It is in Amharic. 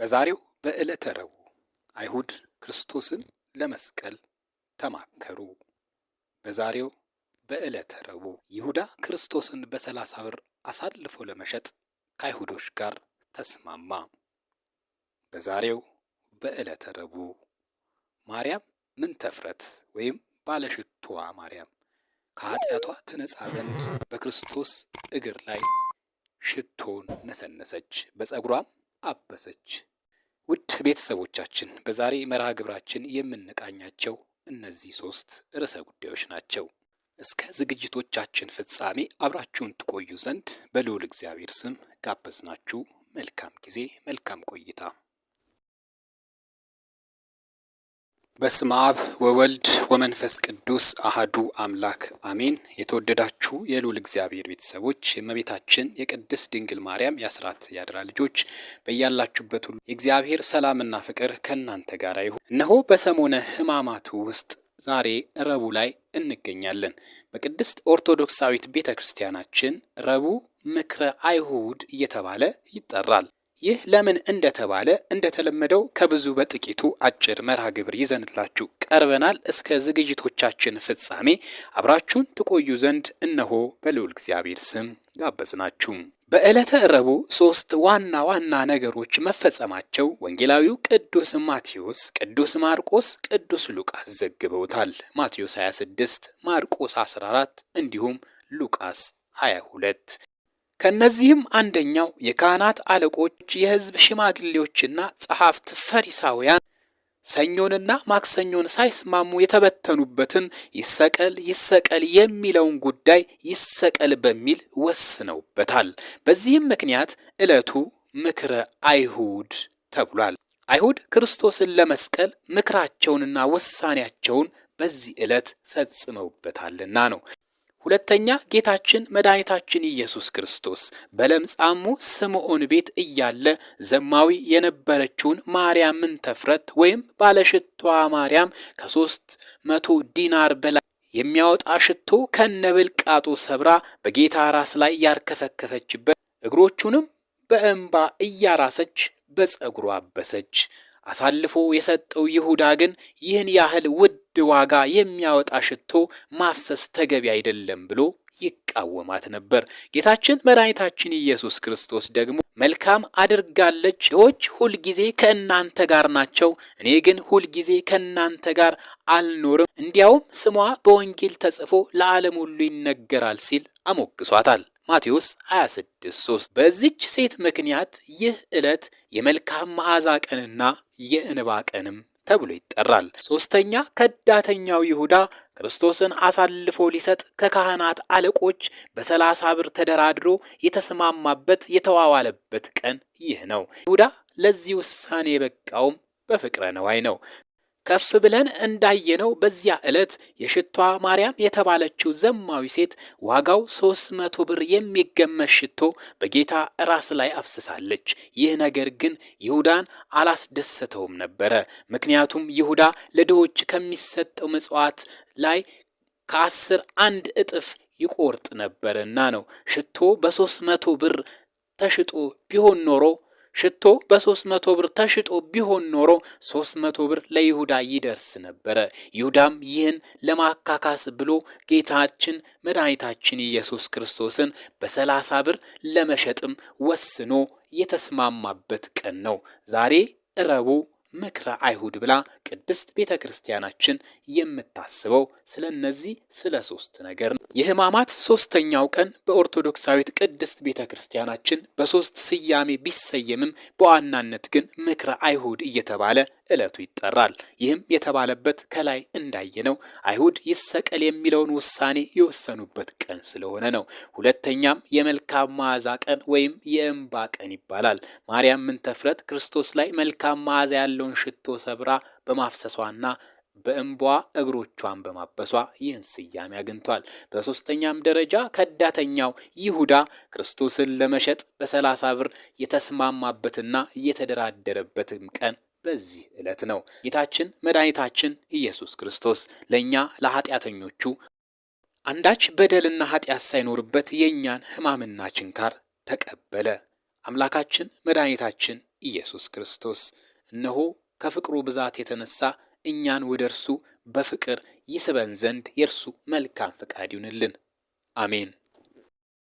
በዛሬው በዕለተ ረቡዕ አይሁድ ክርስቶስን ለመስቀል ተማከሩ። በዛሬው በዕለተ ረቡዕ ይሁዳ ክርስቶስን በሰላሳ ብር አሳልፎ ለመሸጥ ከአይሁዶች ጋር ተስማማ። በዛሬው በዕለተ ረቡዕ ማርያም ምንተፍረት ወይም ባለሽቶዋ ማርያም ከኃጢአቷ ትነጻ ዘንድ በክርስቶስ እግር ላይ ሽቶን ነሰነሰች፣ በፀጉሯም አበሰች። ውድ ቤተሰቦቻችን በዛሬ መርሃ ግብራችን የምንቃኛቸው እነዚህ ሶስት ርዕሰ ጉዳዮች ናቸው። እስከ ዝግጅቶቻችን ፍጻሜ አብራችሁን ትቆዩ ዘንድ በልዑል እግዚአብሔር ስም ጋበዝናችሁ። መልካም ጊዜ፣ መልካም ቆይታ። በስመ አብ ወወልድ ወመንፈስ ቅዱስ አህዱ አምላክ አሜን። የተወደዳችሁ የልዑል እግዚአብሔር ቤተሰቦች የእመቤታችን የቅድስት ድንግል ማርያም የአስራት ያደራ ልጆች በያላችሁበት ሁሉ የእግዚአብሔር ሰላምና ፍቅር ከእናንተ ጋር ይሁን። እነሆ በሰሞነ ሕማማቱ ውስጥ ዛሬ ረቡዕ ላይ እንገኛለን። በቅድስት ኦርቶዶክሳዊት ቤተ ክርስቲያናችን ረቡዕ ምክረ አይሁድ እየተባለ ይጠራል። ይህ ለምን እንደተባለ እንደተለመደው ከብዙ በጥቂቱ አጭር መርሃ ግብር ይዘንላችሁ ቀርበናል። እስከ ዝግጅቶቻችን ፍጻሜ አብራችሁን ትቆዩ ዘንድ እነሆ በልዑል እግዚአብሔር ስም ጋበዝናችሁ። በዕለተ ረቡ ሶስት ዋና ዋና ነገሮች መፈጸማቸው ወንጌላዊው ቅዱስ ማቴዎስ፣ ቅዱስ ማርቆስ፣ ቅዱስ ሉቃስ ዘግበውታል። ማቴዎስ 26፣ ማርቆስ 14 እንዲሁም ሉቃስ 22 ከእነዚህም አንደኛው የካህናት አለቆች፣ የሕዝብ ሽማግሌዎችና ጸሐፍት ፈሪሳውያን ሰኞንና ማክሰኞን ሳይስማሙ የተበተኑበትን ይሰቀል ይሰቀል የሚለውን ጉዳይ ይሰቀል በሚል ወስነውበታል። በዚህም ምክንያት ዕለቱ ምክረ አይሁድ ተብሏል። አይሁድ ክርስቶስን ለመስቀል ምክራቸውንና ውሳኔያቸውን በዚህ ዕለት ፈጽመውበታልና ነው። ሁለተኛ ጌታችን መድኃኒታችን ኢየሱስ ክርስቶስ በለምጻሙ ስምዖን ቤት እያለ ዘማዊ የነበረችውን ማርያምን ተፍረት ወይም ባለሽቷ ማርያም ከሶስት መቶ ዲናር በላይ የሚያወጣ ሽቶ ከነብልቃጡ ሰብራ በጌታ ራስ ላይ ያርከፈከፈችበት እግሮቹንም በእንባ እያራሰች በጸጉሩ አበሰች። አሳልፎ የሰጠው ይሁዳ ግን ይህን ያህል ውድ ውድ ዋጋ የሚያወጣ ሽቶ ማፍሰስ ተገቢ አይደለም ብሎ ይቃወማት ነበር። ጌታችን መድኃኒታችን ኢየሱስ ክርስቶስ ደግሞ መልካም አድርጋለች፣ ድሆች ሁልጊዜ ከእናንተ ጋር ናቸው፣ እኔ ግን ሁልጊዜ ከእናንተ ጋር አልኖርም፣ እንዲያውም ስሟ በወንጌል ተጽፎ ለዓለም ሁሉ ይነገራል ሲል አሞግሷታል። ማቴዎስ 26፥3 በዚች ሴት ምክንያት ይህ ዕለት የመልካም መዓዛ ቀንና የእንባ ቀንም ተብሎ ይጠራል። ሶስተኛ ከዳተኛው ይሁዳ ክርስቶስን አሳልፎ ሊሰጥ ከካህናት አለቆች በሰላሳ ብር ተደራድሮ የተስማማበት የተዋዋለበት ቀን ይህ ነው። ይሁዳ ለዚህ ውሳኔ የበቃውም በፍቅረ ነዋይ ነው። ከፍ ብለን እንዳየነው በዚያ ዕለት የሽቷ ማርያም የተባለችው ዘማዊ ሴት ዋጋው ሶስት መቶ ብር የሚገመት ሽቶ በጌታ ራስ ላይ አፍስሳለች። ይህ ነገር ግን ይሁዳን አላስደሰተውም ነበረ። ምክንያቱም ይሁዳ ለድሆች ከሚሰጠው መጽዋት ላይ ከአስር አንድ እጥፍ ይቆርጥ ነበርና ነው። ሽቶ በሶስት መቶ ብር ተሽጦ ቢሆን ኖሮ ሽቶ በ300 ብር ተሽጦ ቢሆን ኖሮ 300 ብር ለይሁዳ ይደርስ ነበረ። ይሁዳም ይህን ለማካካስ ብሎ ጌታችን መድኃኒታችን ኢየሱስ ክርስቶስን በ30 ብር ለመሸጥም ወስኖ የተስማማበት ቀን ነው። ዛሬ እረቡ ምክረ አይሁድ ብላ ቅድስት ቤተ ክርስቲያናችን የምታስበው ስለ እነዚህ ስለ ሶስት ነገር ነው። የህማማት ሶስተኛው ቀን በኦርቶዶክሳዊት ቅድስት ቤተ ክርስቲያናችን በሶስት ስያሜ ቢሰየምም በዋናነት ግን ምክረ አይሁድ እየተባለ ዕለቱ ይጠራል። ይህም የተባለበት ከላይ እንዳየነው አይሁድ ይሰቀል የሚለውን ውሳኔ የወሰኑበት ቀን ስለሆነ ነው። ሁለተኛም የመልካም መዓዛ ቀን ወይም የእንባ ቀን ይባላል። ማርያም ምንተፍረት ክርስቶስ ላይ መልካም መዓዛ ያለውን ሽቶ ሰብራ በማፍሰሷና በእንቧ እግሮቿን በማበሷ ይህን ስያሜ አግኝቷል። በሦስተኛም ደረጃ ከዳተኛው ይሁዳ ክርስቶስን ለመሸጥ በሰላሳ ብር የተስማማበትና እየተደራደረበትም ቀን በዚህ ዕለት ነው። ጌታችን መድኃኒታችን ኢየሱስ ክርስቶስ ለእኛ ለኃጢአተኞቹ አንዳች በደልና ኃጢአት ሳይኖርበት የእኛን ሕማምና ችንካር ተቀበለ። አምላካችን መድኃኒታችን ኢየሱስ ክርስቶስ እነሆ ከፍቅሩ ብዛት የተነሳ እኛን ወደ እርሱ በፍቅር ይስበን ዘንድ የእርሱ መልካም ፈቃድ ይሁንልን። አሜን።